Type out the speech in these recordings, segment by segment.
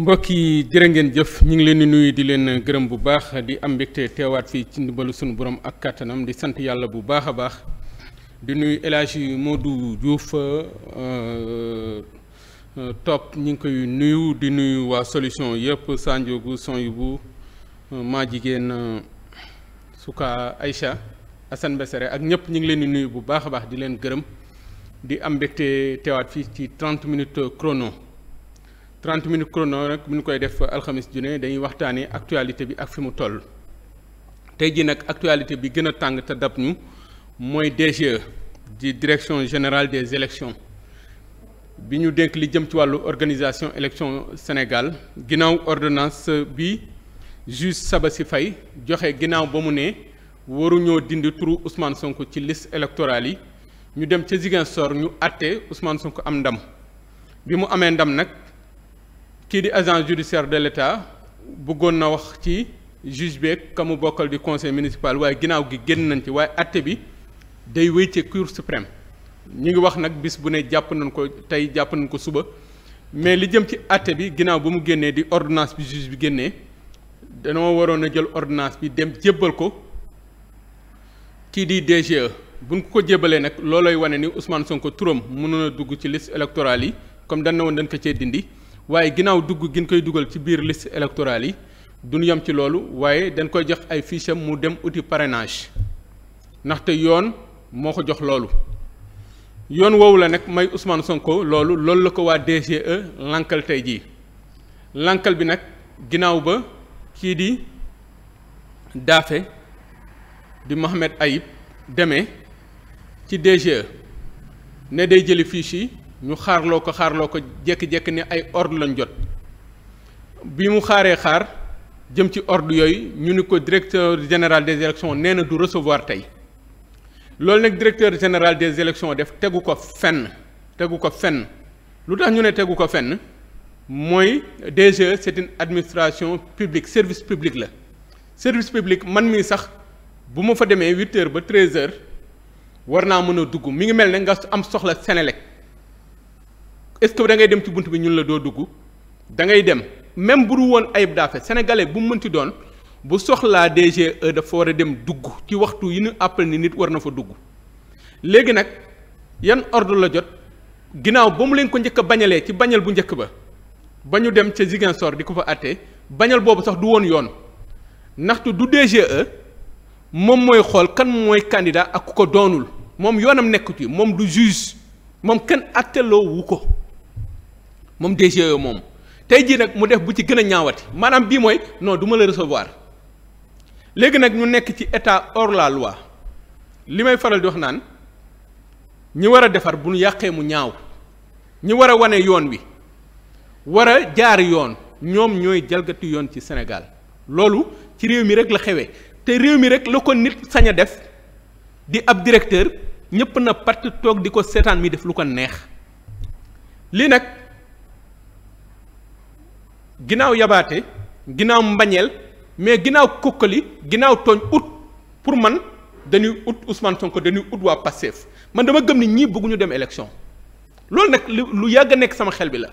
mbokk yi jërë ngeen jëf ñu ngi leen di nuyu di leen gërëm bu baax di am mbégte teewaat fii ci ndimbalu sunu borom ak kàttanam di sant yàlla bu baax a baax di nuyu El Hadji Modou Diouf euh, euh, topp ñu ngi koy nuyu di nuyu waa solution yëpp Sanjogu Sonyubu euh, maa jigéen Souka Aïcha Assane Bessere ak ñëpp ñu ngi leen di nuyu bu baax a baax di leen gërëm di am mbégte teewaat fii ci 30 minutes chrono. 30 minutes chrono nag mu nu koy def alxamis junne dañuy waxtaanee actualité bi ak fi mu toll tey jii nag actualité bi gën a tàng te dab ñu mooy DGE di direction générale des élections bi ñu dénk li jëm ci wàllu organisation élection Sénégal ginnaaw ordinance bi juge Sabassi Faye joxe ginnaaw ba mu ne waruñoo dindi turu Ousmane Sonko ci liste électorale yi ñu dem ca Ziguinchor ñu àtte Ousmane Sonko am ndam bi mu amee ndam nag. kii di agent judiciaire de l'État bëggoon na wax ci juge beeg ka mu bokkal di conseil municipal waaye ginnaaw gi génn nañ ci waaye àtte bi day wéy ci cour suprême ñu ngi wax nag bis bu ne jàpp nañ ko tey jàpp nañ ko suba mais li jëm ci àtte bi ginnaaw ba mu génnee di ordonnance bi juge bi génnee danoo waroon a jël ordinance bi dem jébbal ko kii di DGE buñ ko ko jébbalee nag loolooy wane ni ko Sonko turam mënoon a dugg ci liste électorale yi comme dañ na dañ ko cee dindi. waaye ginnaaw dugg gin koy dugal ci biir liste électorale yi duñ yem ci loolu waaye dañ koy jox ay fiches mu dem outil parrainage ndaxte yoon moo ko jox loolu yoon woowu la nag may Ousmane Sonko loolu loolu la ko waa DGE lankal tey jii lankal bi nag ginnaaw ba kii di daafe di Mohamed Ayib deme ci DGE ne day jëli fiche yi ñu xaarloo ko xaarloo ko jékki-jékki ne ay ordre lañ jot bi mu xaaree xaar jëm ci ordre yooyu ñu ni ko directeur général des élections nee na du recevoir tey loolu nag directeur général des élections def tegu ko fenn tegu ko fenn lu tax ñu ne tegu ko fenn mooy DGE c'est une administration publique service public la service public man mii sax bu ma fa demee huit heures ba treize heures war naa mën a dugg mi ngi mel ne nga am soxla Sénélec est-ce que da dem ci bunt bi ñun la doo dugg da ngay dem même bu woon ayib daafe sénégalais bu mu mënti doon bu soxlaa DGE dafa war dem dugg ci waxtu yi ñu appel ni nit war na fa dugg léegi nag yan ordre la jot ginnaaw ba mu leen ko njëkk a bañalee ci bañal bu njëkk ba ba ñu dem ca Ziguinchor di ko fa àttee bañal boobu sax du woon yoon ndaxte du DGE moom mooy xool kan mooy candidat ak ku ko doonul moom yoonam nekku ci moom du juge moom kenn àtteloo ko moom DGE moom tey jii nag mu def bu ci gën a ñaawati maanaam bii mooy non duma ma la recevoir léegi nag ñu nekk ci état hors la li may faral di wax naan ñi war a defar bu ñu yàqee mu ñaaw ñi war a wane yoon wi war a jaar yoon ñoom ñooy jalgati yoon ci Sénégal loolu ci réew mi rek la xewee te réew mi rek la ko nit sañ a def di ab directeur ñëpp na patt toog di ko seetaan mi def lu ko neex lii nag. ginnaaw yabaate ginnaaw mbañeel mais ginnaaw kokkali ginnaaw tooñ ut pour man dañuy ut Ousmane Sonko dañuy ut waa Pastef man dama gëm ni ñii bëgguñu dem élection loolu nag lu yàgg a nekk sama xel bi la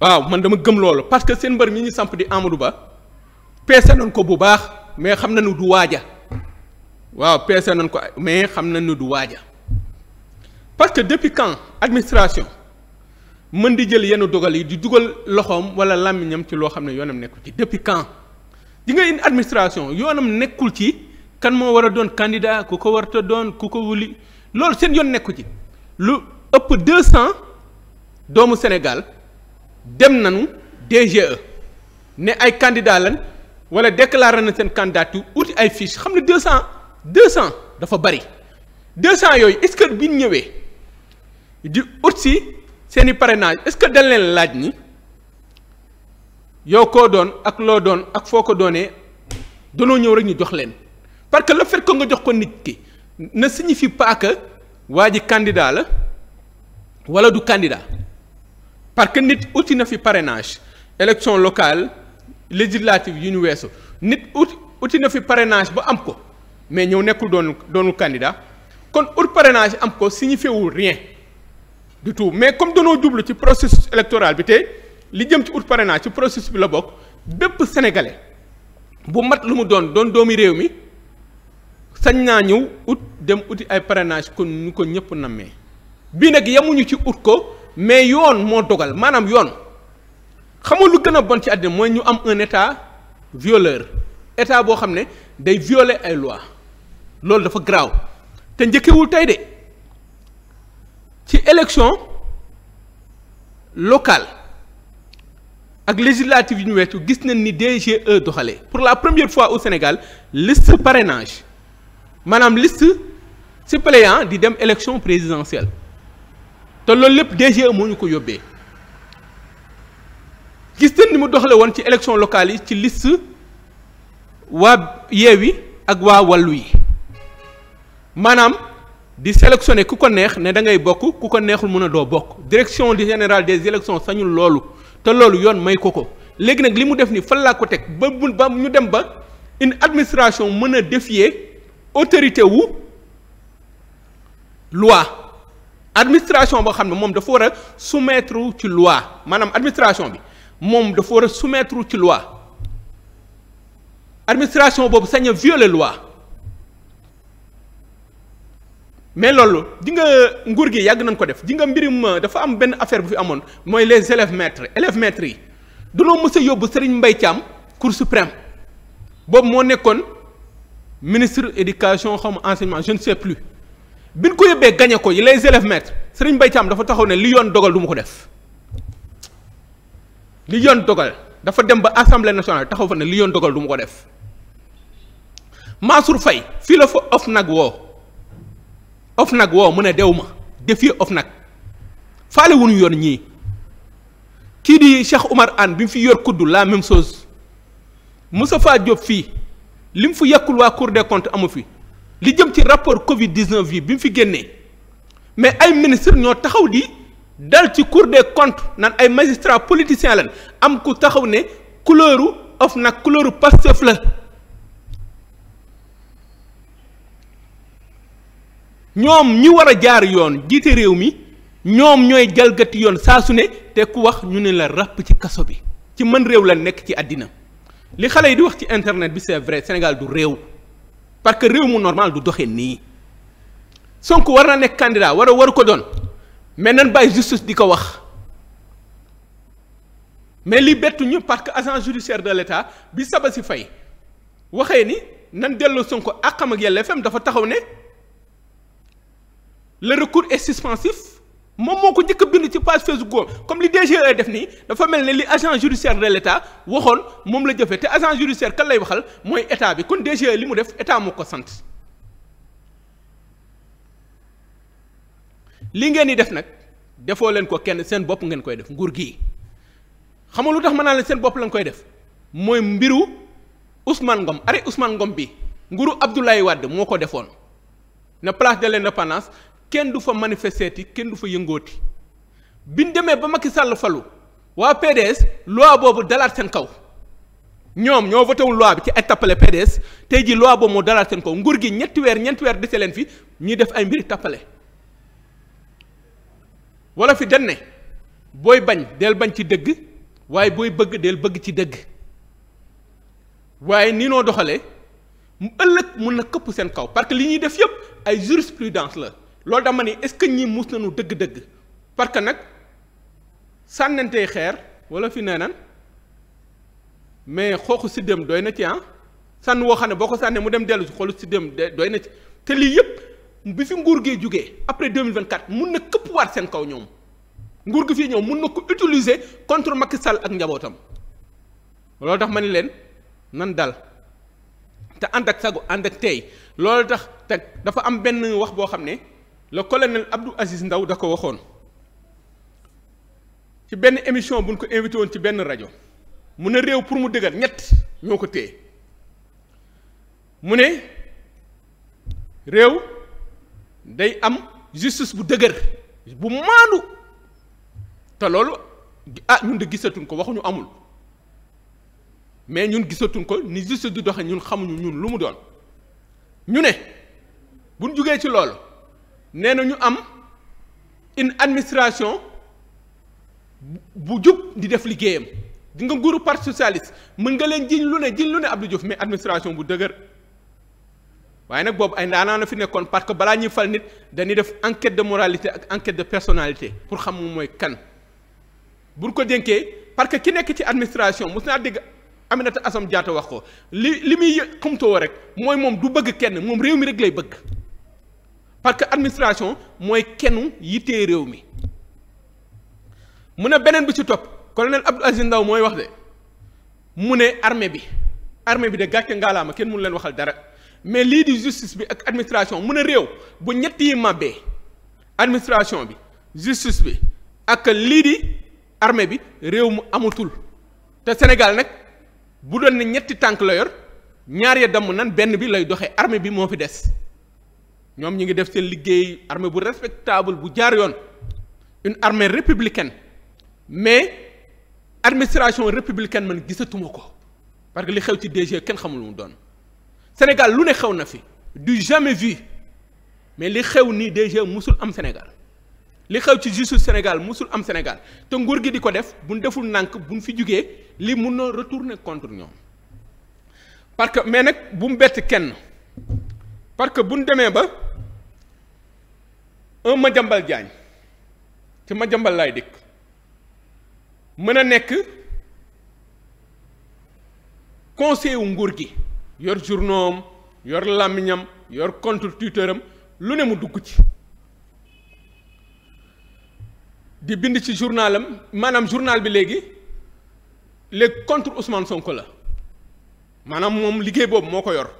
waaw man dama gëm loolu parce que seen mbër mi ñu samp di Amadou Ba peese nañ ko bu baax mais xam na nañu du waaja waaw peese nañ ko mais xam nañu du waaja parce que depuis quand administration. mën di jël yenn dogal yi di dugal loxoom wala làmmiñam ci loo xam ne yoonam nekkul ci depuis quand di nga une administration yoonam nekkul ci kan moo war a doon candidat ku ko warta doon ku ko wuli loolu seen yoon nekku ci lu ëpp deux cent doomu Sénégal dem nanu DGE ne ay candidat lan wala déclaré na seen candidat yu uti ay fiche xam ne deux cent deux cent dafa bari deux cent yooyu est-ce que bi ñu ñëwee di ut si seeni parrainage est-ce que dañ leen laaj ni yow koo doon ak loo doon ak foo ko doonee danoo ñëw rek ñu jox leen parce que le fait ko nga jox ko nit ki ne signifie fi que waa ji candidat la wala du candidat parce que nit uti na fi parrainage élection locale législative yu ñu weesu nit uti uti na fi parrainage ba am ko mais ñëw nekkul doon doonul candidat kon ut parrainage am ko signifie wul rien. du tout mais comme danoo jublu ci processus électoral bi te li jëm ci ut parrainage ci processus bi la bokk bépp sénégalais bu mat lu mu doon doon doomi réew mi sañ naa ñëw ut dem uti ay parrainage kon ñu ko ñëpp nammee bii nag yemuñu ci ut ko mais yoon moo dogal maanaam yoon xamul lu gën a bon ci àddina mooy ñu am un état violeur état boo xam ne day viole ay loi loolu dafa garaaw te njëkkewul tey de. élection locale ak législative yu ñu weetu gis nañ ni DGE doxalee pour la première fois au Sénégal liste parrainage maanaam liste suppléant di dem élection présidentielle te loolu lépp DGE moo ñu ko yóbbee gis nañ ni mu doxale woon ci élection locale yi ci liste waa Yewwi ak waa Wallu yi maanaam di sélectionné ku ko neex ne da ngay bokk ku ko neexul mën a doo bokk direction général des élections sañul loolu te loolu yoon may ko ko léegi nag li mu def ni fan laa ko teg ba bu ba ñu dem ba une administration mën a défier autorité wu loi administration boo xam ne moom dafa war a soumettre ci loi maanaam administration bi moom dafa war a ci loi administration boobu sañ a violer loi mais loolu di nga nguur gi yàgg nañ ko def di nga mbirum euh, dafa am benn affaire bu fi amoon mooy les élèves maîtres élèves maîtres yi danoo mës a yóbbu Serigne mbay Thiam cour suprême boobu moo nekkoon ministre éducation xaw ma enseignement je ne sais plus bi ñu ko yóbbee gañe ko yi les élèves maîtres Serigne Mbaye Thiam dafa taxaw ne li yoon dogal du ma ko def li yoon dogal dafa dem ba assemblée nationale taxaw fa ne li yoon dogal du ma ko def Mansour fay fii la fa of nag woo. nag woo mu ne dew ma défier OFNAC faale wuñu yoon ñii kii di Cheikh Oumar Anne bi mu fi yor kuddu la même chose Moustapha Diop fii li mu fi yàkkul waa Cour des comptes amu fi li jëm ci rapport Covid 19 yi bi mu fi génnee mais ay ministre ñoo taxaw di dal ci Cour de comptes naan ay magistrats politiciens lañ am ku taxaw ne couleur couleuru nag couleuru Pastef la. ñoom ñi war a jaar yoon jiite réew mi ñoom ñooy jalgati yoon saa su ne te ku wax ñu ne la ràpp ci kaso bi ci mën réew la nekk ci àddina li xale yi di wax ci internet bi c'est vrai Sénégal du réew parce que réew mu normal du doxe nii Sonko war na nekk candidat war a waru ko doon mais nan bàyyi justice di ko wax mais li bettuñu parce que agent judiciaire de l'État bi saba si fay waxee ni nan delloo Sonko àqam ak yelleefam dafa taxaw ne le recours est suspensif moom moo ko njëkk bind ci page Facebook comme li DGE def nii dafa mel ne li agent judiciaire de l' état waxoon moom la jëfee te agent judiciaire kan lay waxal mooy état bi kon DGE li mu def état moo ko sant. li ngeen di def nag defoo leen ko kenn seen bopp ngeen koy def nguur gii xamul lu tax mën naa leen seen bopp lañ koy def mooy mbiru Ousmane Ngom arrêt Ousmane Ngom bi nguuru Abdoulaye Wade moo ko defoon. na place de kenn du fa manifesteeti kenn du fa yëngooti biñ demee ba Macky sàll falu waa PDS loi boobu dalaat seen kaw ñoom ñoo voté wul bi ci ay tappale PDS tey ji loi boobu moo dalaat seen kaw nguur gi ñetti weer ñeenti weer dese leen fi ñuy def ay mbiri tappale wala fi dañ booy bañ del bañ ci dëgg waaye booy bëgg del bëgg ci dëgg waaye ni noo doxalee mu ëllëg mun na këpp seen kaw parce que li ñuy def yëpp ay jurisprudence la loolu dama ni est-ce que ñi mus nañu dëgg-dëgg parce que nag sànnantey xeer wala fi nee nan mais xooxu siddéem doy na ci ah sànn woo xam ne boo ko sànnee mu dem dellu si xoolu siddéem doy na ci te lii yëpp bi fi nguur gee jógee après 2024 mun na këpp waat seen kaw ñoom nguur gi fii ñëw mun na ko utiliser contre Macky Sall ak njabootam loolu tax ma ni leen nan dal te ànd ak sago ànd ak tey loolu tax te dafa am benn wax boo xam ne le colonel Abdou Aziz Ndaw da ko waxoon ci benn émission buñ ko invité woon ci benn rajo mu ne réew pour mu dëgër ñett ñoo ko téye mu ne réew day am justice bu dëgër bu maandu te loolu ah ñun de gisatuñ ko waxuñu amul mais ñun gisatuñ ko ni justice du doxe ñun xamuñu ñun lu mu doon ñu ne buñ jugee ci lool nee na ñu am une administration bu jub di def liggéeyam di nga nguuru parti socialiste mën nga leen jiñ lu ne jiñ lu ne Abdou Diouf mais administration bu dëgër waaye nag boobu ay ndaanaa na fi nekkoon parce que balaa ñuy fal nit dañuy def enquête de moralité ak enquête de personnalité pour xam moom mooy kan bu ko dénkee parce que ki nekk ci administration mos naa dégg Aminata Assome Diatta wax ko li li muy xumtoo rek mooy moom du bëgg kenn moom réew mi rek bëgg parce que administration mooy kennu yittee réew mi mu ne beneen bi ci topp colonel Abdou Aziz Ndaw mooy wax de mu ne armée bi armée bi de gàcce ngaalaama kenn mënu leen waxal dara mais lii di justice bi ak administration mu ne réew bu ñett yi màbbee bi justice bi ak lii di armée bi réew mu amatul te Sénégal nag bu doon ne ñetti tànk la yor ñaar ya damm nan benn bi lay doxee armee bi moo fi des ñoom ñu ngi def seen liggéey armée bu respectable bu jaar yoon une armée républicaine mais administration républicaine man gisatuma ko parce que li xew ci DG kenn xamul mu doon Sénégal lu ne xew na fi du jamais vu mais li xew nii DG mosul am Sénégal li xew ci justice Sénégal mosul am Sénégal te nguur gi di ko def buñ deful nànk buñ fi jugee li mun na retourner contre ñoom parce que mais nag bu mu bett kenn parce que buñ demee ba ma Madiambal Diagne ci Madiambal laay dikk mën a nekk conseil wu nguur gi yor journoom yor làmmiñam yor compte Twitter am lu ne mu dugg ci di bind ci journalam maanaam journal bi léegi léegi contre Ousmane Sonko la maanaam moom liggéey boobu moo ko yor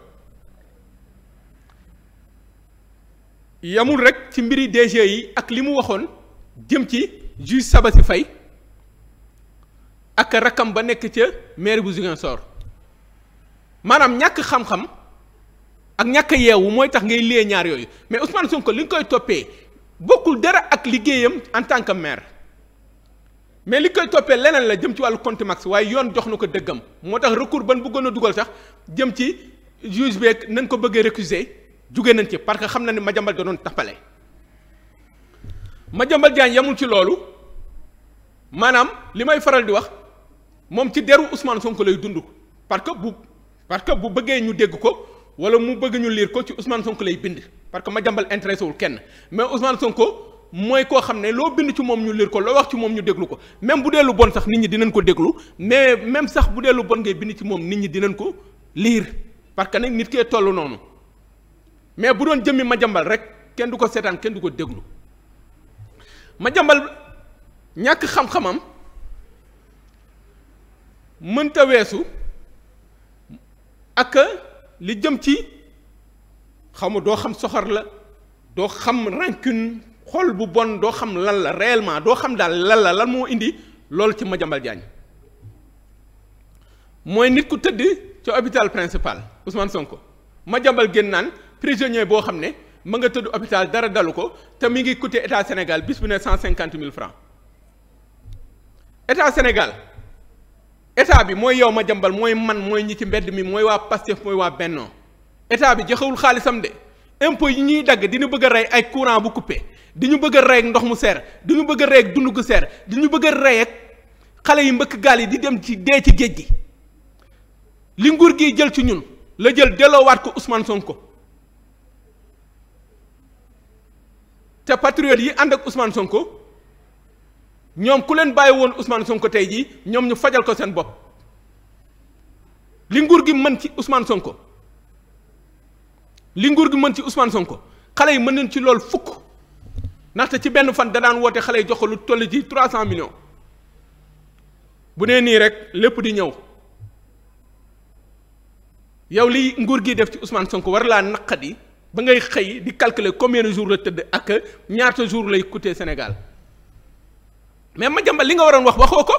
yamul rek ci mbiri DG yi ak li mu waxoon jëm ci juge Sabassy Faye ak rakkam ba nekk ca maire bu Ziguinchor maanaam ñàkk xam-xam ak ñàkk yeewu mooy tax ngay liyee ñaar yooyu mais Ousmane Sonko li nga koy toppee bokkul dara ak liggéeyam en tant que maire mais li koy toppee leneen la jëm ci wàllu contumace waaye yoon jox na ko dëggam moo tax recours ban bëggoon a dugal sax jëm ci juge beeg na nga ko bëggee récuser jóge nañ ci parce que xam na ni Madiambal da doon tappale Madiambal Diagne yamul ci loolu maanaam li may faral di wax moom ci deru usmaan sonk lay dund parce que bu parce que bu bëggee ñu dégg ko wala mu bëgg ñu liir ko ci Ousmane sonk lay bind parce que jambal intéressé wul kenn mais Ousmane Sonko mooy koo xam ne loo bind ci moom ñu liir ko loo wax ci moom ñu déglu ko même bu dee lu bon sax nit ñi dinañ ko déglu mais même sax bu dee lu bon ngay bind ci moom nit ñi dinañ ko liir parce que nag nit kee toll noonu. mais bu doon jëmmi Madiambal rek kenn du ko seetaan kenn du ko déglu Madiambal ñàkk xam-xamam mënta weesu ak li jëm ci xaw ma doo xam soxor la doo xam rancune xol bu bon doo xam lan la réelement doo xam daal lan la lan moo indi loolu ci Madiambal Diagne mooy nit ku tëdd ci hôpital principal Ousmane Sonko Madiambal génn naan prisonnier boo xam ne mu nga tëdd hôpital dara dalu ko te mi ngi coûter état Sénégal bis bu ne cent cinquante mille francs état Sénégal état bi mooy yow ma jambal mooy man mooy ñi ci mbedd mi mooy waa Pastef mooy waa Benno état bi joxewul xaalisam de impôt yi ñuy dagg di ñu bëgg a rey ay courant bu coupé di ñu bëgg rey ak ndox mu seer di ñu bëgg a rey ak dund gu seer di ñu bëgg a rey ak xale yi mbëkk gaal yi di dem ci dee ci géej gi li nguur gi jël ci ñun la jël delloowaat ko Ousmane Sonko te patriotes yi ànd ak usmaan Sonko ñoom ku leen bàyyi woon usmaan Sonko tey jii ñoom ñu fajal ko seen bopp li nguur gi mën ci usmaan Sonko li gi mën ci Ousmane Sonko xale yi mën nañ ci lool fukk ndaxte ci benn fan da daan woote xale yi jox ko lu toll ci trois cent millions bu nee nii rek lépp di ñëw yow li nguur gi def ci Ousmane Sonko war laa naqadi. ba ngay xëy di calculer combien de jours la tëdd ak ñaata jours lay coûter Sénégal mais Madiambal li nga waroon wax waxoo ko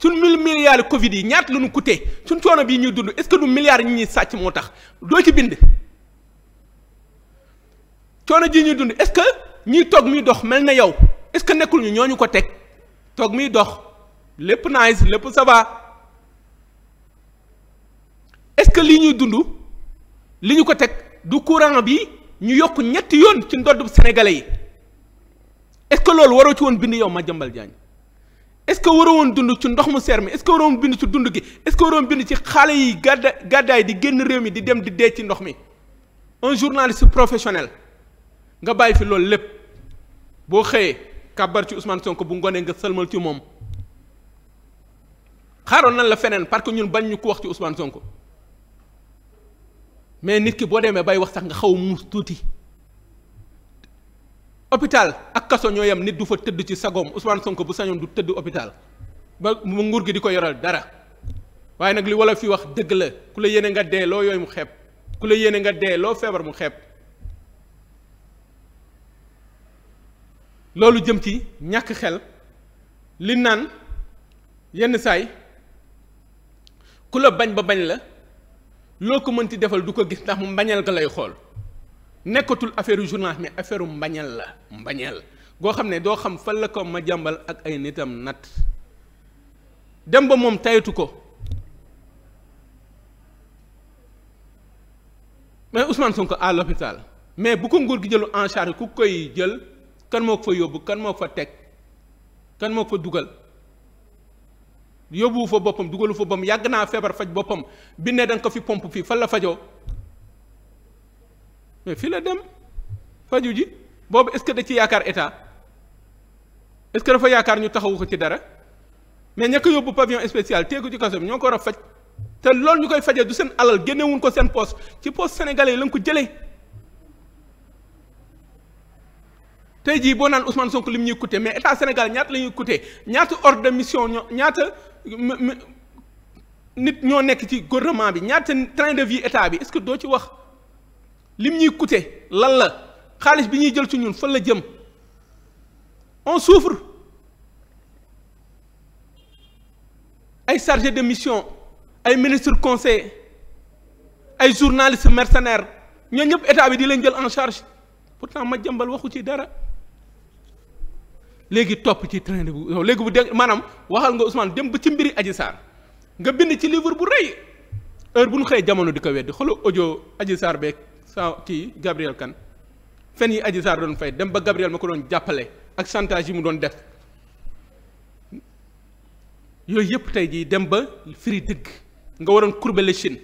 suñ mille milliards Covid yi ñaata la ñu sun suñ coono bii ñuy dund est que du milliards ñi ñuy sàcc moo tax doo ci bind. coono ji ñuy dund est-ce que ñiy toog muy dox mel na yow est-ce que ñoo ñu ko teg toog muy dox lépp nice lépp ça va est-ce que lii ñuy dund li ñu ko teg. du courant bi ñu yokk ñetti yoon ci ndoddub sénégalais yi est-ce que loolu waroo ci woon bind yow Madiambal Diagne est-ce que waroo woon dund ci ndox mu seer mi est-ce que woon bind ci dund gi est-ce que ci xale yi gàdda gàddaay di génn réew mi di dem di dee ci ndox mi un journaliste professionnel nga bàyyi fi loolu lépp boo xëyee kàbbar ci Ousmane Sonko bu ngonee nga sëlmal ci moom xaaroon na la feneen parce que ñun bañ ñu ko wax ci Ousmane Sonko. mais nit ki boo demee bay wax sax nga xaw muus tuuti hôpital ak kaso ñoo yem nit du fa tëdd ci sagoom Ousmane Sonko bu sañoon du tëdd hôpital ba mu nguur gi di ko yoral dara waaye nag li wala fi wax dëgg la ku la yéene nga dee loo yooyu mu xeeb ku la yéene nga dee loo feebar mu xeeb loolu jëm ci ñàkk xel li naan yenn saay ku la bañ ba bañ la loo ko mënti defal du ko gis ndax mu mbañeel ga lay xool nekkatul affaire journal mais affaire mbañeel la mbañeel goo xam ne doo xam fan la ko ma jàmbal ak ay nitam nat dem ba moom taytu ko mais Ousmane ko à l'hôpital mais bu ko nguur gi jëlu en charge ku koy jël kan moo ko fa yóbbu kan moo ko fa teg kan moo ko fa dugal yóbbu fa boppam dugalu fa boppam yàgg naa feebar faj boppam bi ne da nga ko fi pompe fii fan la fajoo mais fii la dem faju ji boobu est-ce que da ci yaakaar état est-ce fa dafa yaakaar ñu taxawu ko ci dara mais ña ko yóbbu pavillon spécial teeku ci kaso bi ñoo ko war a faj te loolu ñu koy fajee du seen alal génnewuñ ko seen poste ci poste sénégalais yi lañ ko jëlee tey jii boo naan Ousmane Sonko lim ñuy coûté mais état Sénégal ñaata la ñuy coûté ñaata ordre de mission ñaata nit ñoo nekk ci gouvernement bi ñaata train de vie état bi est-ce que doo ci wax lim ñuy coûter lan la xaalis bi ñuy jël ci ñun fan la jëm on soufre ay chargé de mission ay ministre conseil ay journaliste mercenaire ñoo ñëpp état bi di leen jël en charge pour pourtant ma jëmbal waxu ci dara léegi topp ci train de bu léegi bu de maanaam waxal nga Ousmane dem ba ci mbiri Adji Sarr nga bind ci livre bu rëy heure bu ñu xëyee jamono di ko weddi xoolal audio Adji Sarr beeg sa kii Gabriel Kane fen yi Adji Sarr doon fay dem ba Gabriel ma ko doon jàppale ak santage yi mu doon def yooyu yëpp tey jii dem ba firi dëgg nga waroon courber l'échine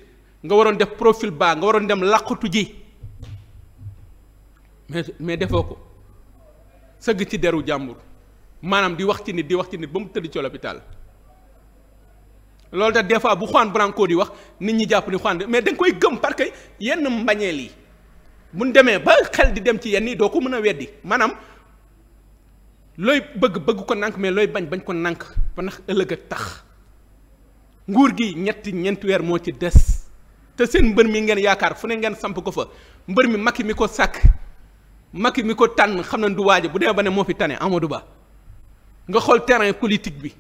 nga waroon def profil bas nga waroon dem làqatu ji mais mais defoo ko sëgg ci deru jàmbur. maanaam di wax ci nit di wax ci nit ba mu tëdd ci l'hôpital loolu tax des fois bu Juan Branco di wax nit ñi jàpp ni Juan mais da koy gëm parce que yenn mbañeel yi buñ demee ba xel di dem ci yenn yi doo ko mën a weddi maanaam looy bëgg bëgg ko nank mais looy bañ bañ ko nànk ba ndax ëllëg ak tax nguur gi ñetti ñeenti weer moo ci des te seen mbër mi ngeen yaakaar fu ne ngeen samp ko fa mbër mi Macky mi ko sàkk Macky mi ko tànn xam na du waaja bu dee ba ne moo fi tane Amadou Ba nga xool terrain politique bi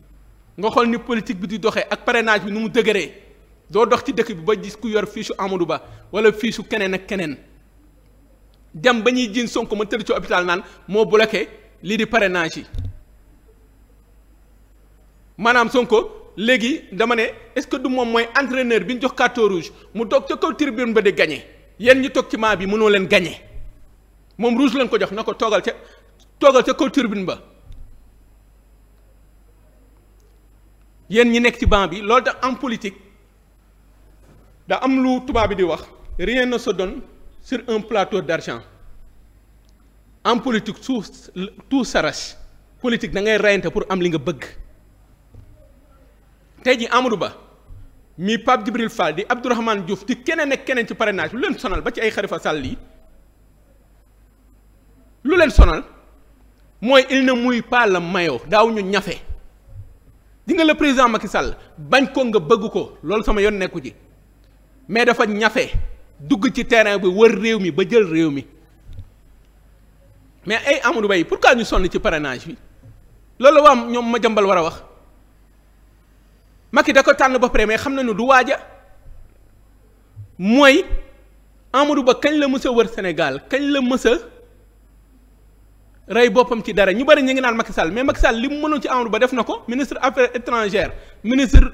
nga xool ni politique bi di doxee ak parrainage bi nu mu dëgëree doo dox ci dëkk bi ba gis ku yor fiisu amalu Ba wala fiisu keneen ak keneen jam ba ñuy jiin Sonko ma tëdd ci hôpital naan moo bloqué lii di parrainage yi maanaam Sonko léegi dama ne est-ce que du moom mooy entraîneur bi ñu jox carton rouge mu toog ca kow tribune ba di gagné yéen ñu toog ci maa bi mënoo leen gagné moom rouge leen ko jox na ko toogal ca toogal ca kaw tirbine ba. yéen ñi nekk ci banc bi loolu tax en politique da am lu tubaab bi di wax rien na se donne sur un plateau d'argent en politique tout tout s'arrache politique da ngay reyante pour am li nga bëgg tey ji Amadou Ba mi Pape Djibril Fall di Abdourahmane Diouf di keneen ak keneen ci parrainage lu leen sonal ba ci ay Khalifa Sall yi lu leen sonal mooy il ne mouille pas le maillot ñafe di nga le président Macky Sall bañ ko nga bëgg ko loolu sama yoon nekku ci mais dafa ñafe dugg ci terrain bi wër réew mi ba jël réew mi mais ay Amadou Ba yi pourquoi ñu sonn ci parrainage bi loolu waa ñoom ma jambal war a wax Macky da ko tànn ba pare mais xam nañu du waaja mooy Amadou Ba kañ la mës wër Sénégal kañ la mës rey boppam ci dara ñu bari ñu ngi naan Macky Sall mais Macky Sall li mu mënoon ci Amadou Ba def na ko ministre affaires étrangères ministre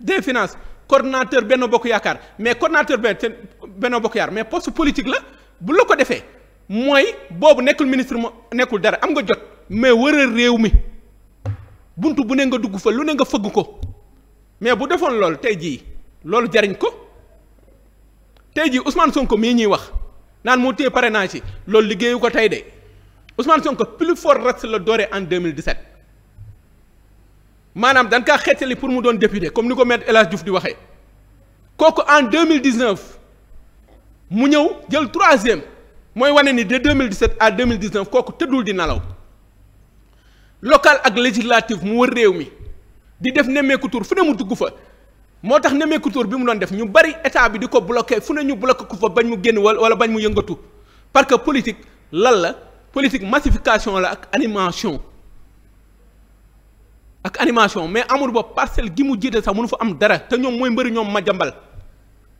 des finances coordonnateur benn Bokk Yaakaar mais coordonnateur benn Bokk Yaakaar mais poste politique la bu la ko defee mooy boobu nekkul ministre mu nekkul dara am nga jot mais wëral réew mi bunt bu ne nga dugg fa lu ne nga fëgg ko mais bu defoon loolu tey jii loolu jariñ ko tey jii Ousmane Sonko mii ñuy wax naan moo téye parrainage yi loolu liggéeyu ko tey de. Ousmane Sonko plus fort reste la dooree en 2017 maanaam dañ kaa xeetali pour mu doon député comme ni ko maître El Hadj Diouf di waxee kooku en 2019 mu ñëw jël troisième mooy wane ni de 2017 à 2019 kooku tëddul di nalaw local ak législative mu wër réew mi di def nemmeeku tur fu ne mu dugg fa moo tax nemmeeku tur bi mu doon def ñu bari état bi di ko bloqué fu ne ñu bloqué ku fa bañ mu génn wala wala bañ mu yëngatu parce que politique lan la. politique massification la ak animation ak animation mais Amadou Ba parcelle gi mu jiite sax mënu fa am dara te ñoom mooy mbëri ñoom jambal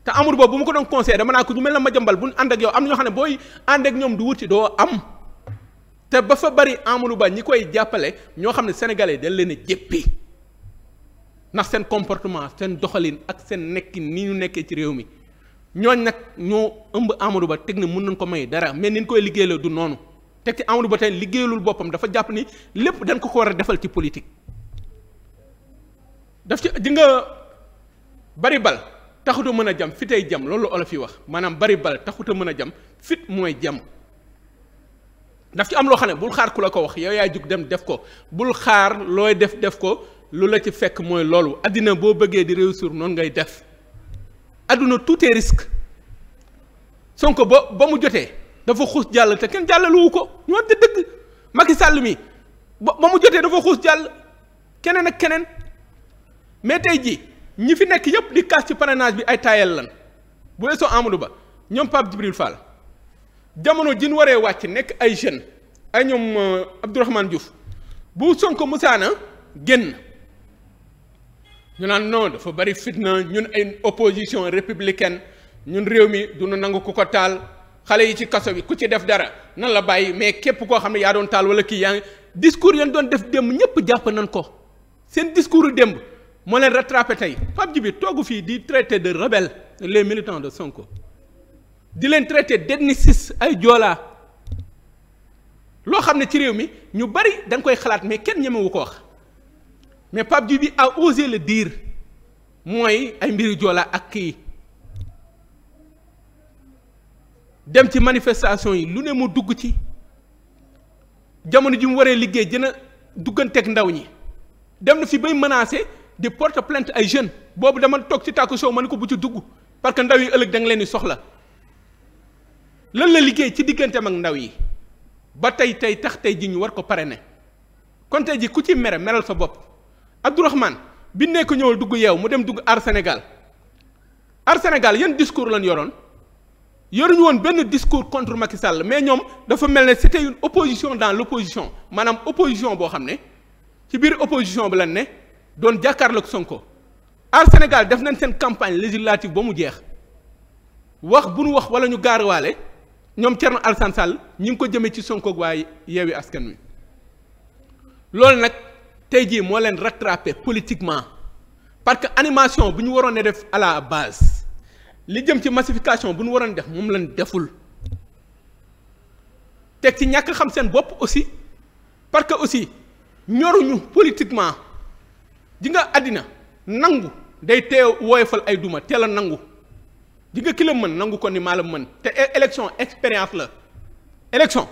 te Amadou Ba bu ma ko doon conseillé dama naa ko ñu mel na Madiambal bu ñu ànd ak yow am na ñoo xam ne booy ànd ak ñoom du wuti doo am te ba fa bari Amadou Ba ñi koy jàppale ñoo xam ne sénégalais dañ leen a jéppi ndax seen comportement seen doxalin ak seen nekkin ni ñu nekkee ci réew mi ñooñ nag ñoo ëmb Amadou Ba teg na nañ ko may dara mais ni koy liggéeyee du noonu teg ci Amadou Ba tey liggéeyalul boppam dafa jàpp ni lépp dañ ko ko war a defal ci politique daf ci di nga bari bal taxut a mën a jam fi tey jam loolu olof yi wax maanaam bari bal taxut a mën a jam fit mooy jam daf ci am loo xam ne bul xaar ku la ko wax yow yaay jug dem def ko bul xaar looy def def ko lu la ci fekk mooy loolu àddina boo bëggee di réussir noonu ngay def àdduna tout est risque Sonko ba ba mu jotee. dafa xuus jàll te kenn jàllaluwu ko ñu wante dëgg Macky Sall mi ba ba mu jotee dafa xuus jàll keneen ak keneen mais tey jii ñi fi nekk yëpp di kaas ci parrainage bi ay taayal lan bu weesoo Amadou Ba ñoom Pape Djibril Fall jamono ji ñu waree wàcc nekk ay jeunes ay ñoom euh, Abdourahmane Diouf bu Sonko musaana génn ñu naan non dafa bari fitna ñun ay opposition républicain ñun réew mi du nu nangu ku ko taal. xale yi ci kaso bi ku ci def dara nan la bàyyi mais képp koo xam ne yaa doon taal wala kii yaa ngi discours yéen doon def démb ñëpp jàpp nañ ko seen discours yu démb moo leen rattrapé tey Pape bi toogu fii di traité de rebelle les militants de Sonko di leen traité d'ethnicistes ay joola loo xam ne ci réew mi ñu bari dañ koy xalaat mais kenn ñemewu ko wax mais Pape bi a osé le dire mooy ay mbiru joolaa ak kii dem ci manifestation yi lu ne mu dugg ci jamono ji mu waree liggéey dina dugganteeg ndaw ñi dem na fi bay menacé di porte plainte ay jeunes boobu dama toog ci tàkku show ma ne ko bu ci dugg parce que ndaw yi ëllëg danga leen di soxla lan la liggéey ci digganteem ak ndaw yi ba tey tey tax tey ji ñu war ko pare ne kon ji ku ci mere meral sa bopp Abdourahmane bi nekk ñëwal dugg yeew mu dem dugg ar Sénégal ar Sénégal yan discours lañ yoroon. yoruñu woon benn discours contre Macky Sall mais ñoom dafa mel ne c'était une opposition dans l'opposition maanaam opposition boo xam ne ci biir opposition bi lan ne doon jàkkaarloog Sonko Aar Sénégal def nañ seen campagne législative ba mu jeex wax bu wax wala ñu gaarawaale ñoom Thierno Alassane Sall ñi ngi ko jëmee ci Sonko ak waa Yewwi Askan Wi loolu nag tey jii moo leen rattraper politiquement parce que animation bu ñu waroon a def à la base. li jëm ci massification bu nu waroon def moom lañ deful teg ci ñàkk xam seen bopp aussi parce que aussi ñoruñu politiquement ji nga àddina nangu day teew woyofal ay duma teel a nangu ji nga ki la mën nangu ko ni maa la mën te e-, élection expérience la élection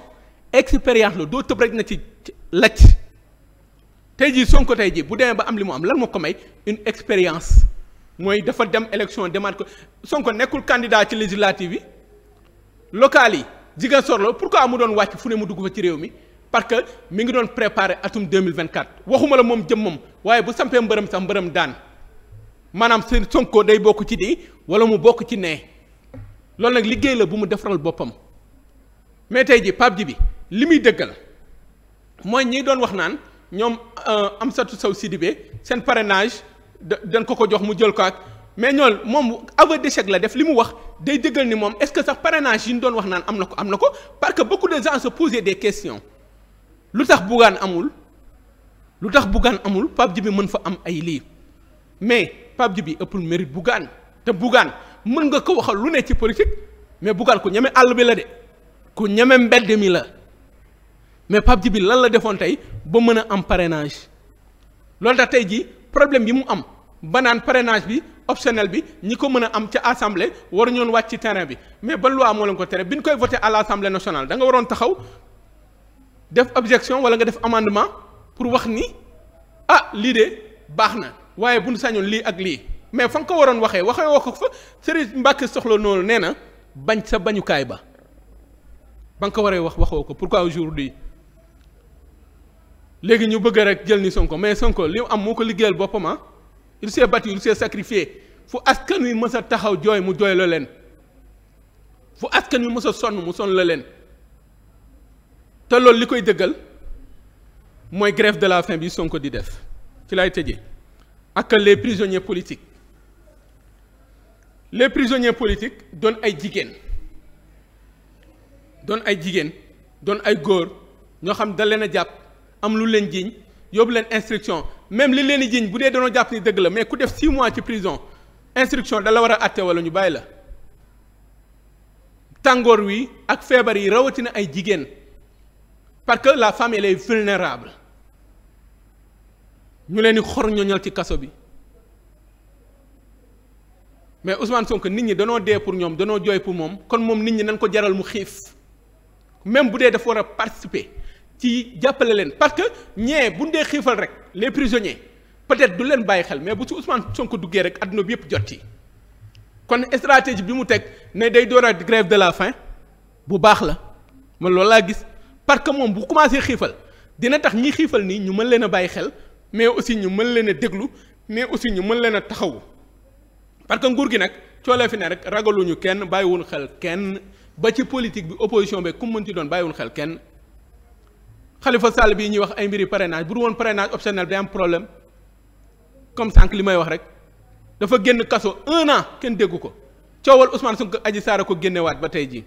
expérience la doo tëb rek na ci lacc tey jii Sonko tey jii bu demee ba am li mu am lan moo ko may une expérience mooy dafa dem élection demaat ko Sonko nekkul candidat ci législative bi locales yi Ziguinchor la pourquoi mu doon wàcc fu ne mu dugg fa ci réew mi parce que mi ngi doon préparer atum 2024 waxuma la moom jëmmam waaye bu sampee mbërëm sax mbërëm daan maanaam seen Sonko day bokk ci di wala mu bokk ci nee loolu nag liggéey la bu mu defaral boppam mais tey ji Pape Djibi li muy dëggal mooy ñi doon wax naan ñoom euh, Amsatou Sow Sidibé seen parrainage dañ ko ko jox mu jël ko ak mais ñool moom aveu d'échec la def li mu wax day dëggal ni moom est-ce que sax parrainage yi ñu doon wax naan am na ko am na ko pare que beaucoup de gens se posaient des questions lu tax Bougane amul lu tax Bougane amul Pape bi mën fa am ay lii mais Pape bi ëppul mérite Bougane te Bougane mën nga ko waxal lu ne ci politique mais Bougane ku ñeme àll bi la de ku ñeme mbedd mi la mais Pape bi lan la defoon tey ba mën a am parrainage loolu tax tey jii problème yi mu am. ba naan parrainage bi optionnel bi ñi ko mën a am ca assemblée waru ñoon wàcc ci terrain bi mais ba loi moo leen ko tere bi ñu koy voté à l' assemblée nationale da nga waroon taxaw def objection wala nga def amendement pour wax ni ah lii de baax na waaye bu ñu sañoon lii ak lii mais fa nga ko waroon waxee waxee woo ko fa Serigne Mbacke soxla noonu nee na bañ sa bañukaay ba ba nga ko waree wax waxoo ko pourquoi aujourd'hui léegi ñu bëgg rek jël ni Sonko mais Sonko li am moo ko liggéeyal boppam ah. il s'est battu il s'est sacrifié fu askan wi mës taxaw jooy mu jooy la leen fu askan wi mës sonn mu sonn la leen te loolu li koy dëggal mooy grève de la faim bi Sonko di def ci lay tëjee ak les prisonniers politiques les prisonniers politiques doon ay jigéen doon ay jigéen doon ay góor ñoo xam da leen a jàpp am lu leen jiiñ yóbbu leen instruction même li leen di jiiñ bu dee danoo jàpp ni dëgg la mais ku def 6 mois ci prison instruction da la war a àtte wala ñu bàyyi la tàngoor wi ak feebar yi rawatina ay jigéen parce que la femme elle est vulnérable ñu leen di xor ñoñal ci kaso bi mais Ousmane Sonko nit ñi danoo dee pour ñoom danoo jooy pour moom kon moom nit ñi nañ ko jaral mu xiif même bu dee dafa war a participer ci jàppale leen parce que ñee bu dee xiifal rek. les prisonniers peut-être du leen bàyyi xel mais bu ci Ousmane Sonko duggee rek adduna bi yëpp jot ci kon stratégie bi mu teg ne day dooraat grève de la faim bu baax la man loolu laa gis parce que moom bu commencé xiifal dina tax ñi xiifal nii ñu mën leen a bàyyi xel mais aussi ñu mën leen a déglu mais aussi ñu mën leen a taxawu parce que nguur gi nag coolee fi ne rek ragaluñu kenn bàyyiwul xel kenn ba ci politique bi opposition bi ku mën ci doon bàyyiwul xel kenn. xalifa Sall bii ñuy wax ay mbiri parrainage bu du woon parrainage optionnel day am problème comme sànq li may wax rek dafa génn kaso un kenn déggu ko coowal Ousmane Sonko Adji Sarr ko génne waat ba tey jii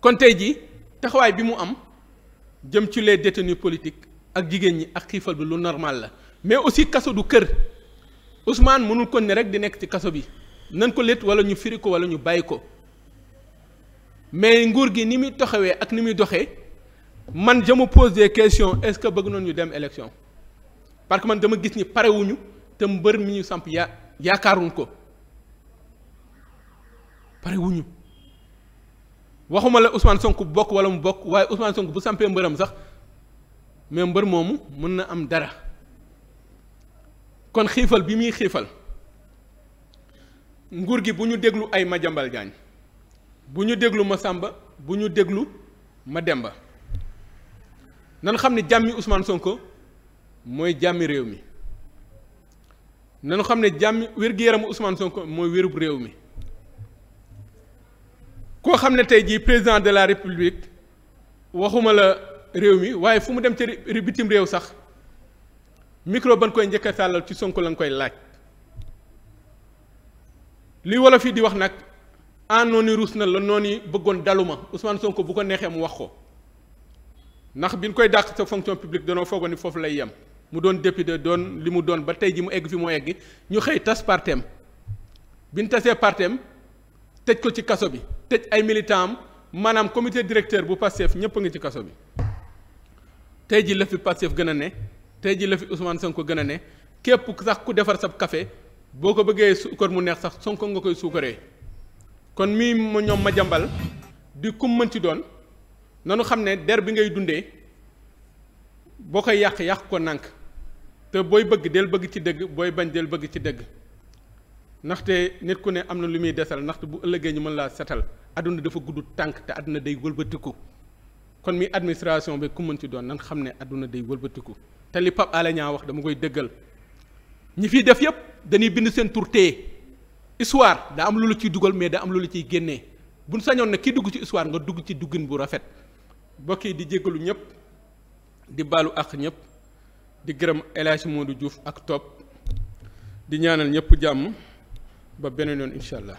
kon tey jii taxawaay bi mu am jëm ci les détenus politiques ak jigéen ñi ak xiifal bi lu normal la mais aussi kaso du kër Ousmane mënul kon ne rek di nekk ci kaso bi nan ko létt wala ñu firi ko wala ñu bàyyi ko mais nguur gi ni muy taxawee ak ni muy doxee. man je me pose des questions est-ce que bëgg noonu ñu dem élection parce que man dama gis ni parewuñu te mbër mi ñu samp yaa yaakaaruñ ko parewuñu waxuma la Ousmane Sonko bokk wala mu bokk waaye Ousmane Sonko bu sampee mbëram sax mais mbër moomu mën na am dara kon xiifal bi muy xiifal nguur gi bu ñu déglu ay Madiambal Diagne bu ñu déglu ma Massamba bu ñu déglu ma Mademba nan xam ne jàmmi Ousmane Sonko mooy jàmmi réew mi nanu xam ne jàmmi wér-gu-yaramu Ousmane Sonko mooy wérub réew mi koo xam ne tey jii président de la république waxuma la réew mi waaye fu mu dem ri ci bitim réew sax micro ban koy njëkk a sàllal ci Sonko lañ koy laaj li wolof yi di wax nag ah noonu ruus na la noonu bëggoon daluma Ousmane Sonko bu ko neexee mu wax ko. ndax bi ñu koy dàq sa fonction publique danoo foogoon ni foofu lay yem mu doon député doon li mu doon ba tey ji mu egg fi mu egg ñu xëy tas parteem bi ñu tasee partem tëj ko ci kaso bi tëj ay militant maanaam comité directeur bu Pastef ñëpp a ngi ci kaso bi tey ji la fi Pastef gën a ne tey ji la fi Ousmane ko gën a ne képp sax ku defar sab kafe boo ko bëggee suukar mu neex sax Sonko nga koy suukaree kon mii ma ñoom ma jàmbal di kum mën ci doon nanu xam ne der bi ngay dundee boo koy yàq yàq ko nank te booy bëgg del bëgg ci dëgg booy bañ del bëgg ci dëgg ndaxte nit ku ne am na lu muy desal ndaxte bu ëllëgee ñu mën laa setal adduna dafa gudd tànk te adduna day wëlbatiku kon mi administration bi ku mën ci doon nan xam ne adduna day wëlbatiku te li Pape Alé Niang wax dama koy dëggal ñi fi def yépp dañuy bind seen tur te histoire daa am lu la ciy dugal mais daa am lu la ciy génnee buñ sañoon na kii dugg ci histoire nga dugg ci duggin bu rafet bokk yi di jégalu ñëpp di balu ak ñëpp di gërëm El Hadj Modou Diouf ak topp di ñaanal ñëpp jàmm ba beneen yoon incha allah.